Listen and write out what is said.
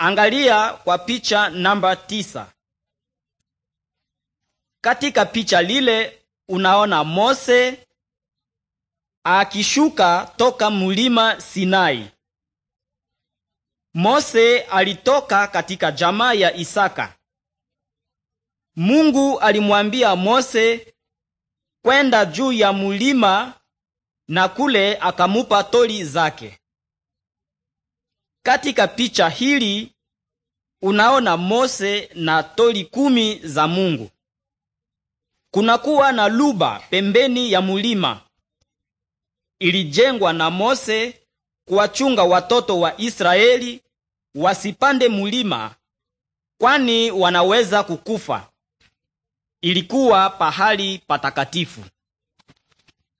Angalia kwa picha namba tisa. Katika picha lile unaona Mose akishuka toka mlima Sinai. Mose alitoka katika jamaa ya Isaka. Mungu alimwambia Mose kwenda juu ya mulima na kule akamupa toli zake. Katika picha hili unaona Mose na toli kumi za Mungu. Kunakuwa na luba pembeni ya mulima, ilijengwa na Mose kuwachunga watoto wa Israeli wasipande mulima, kwani wanaweza kukufa. Ilikuwa pahali patakatifu.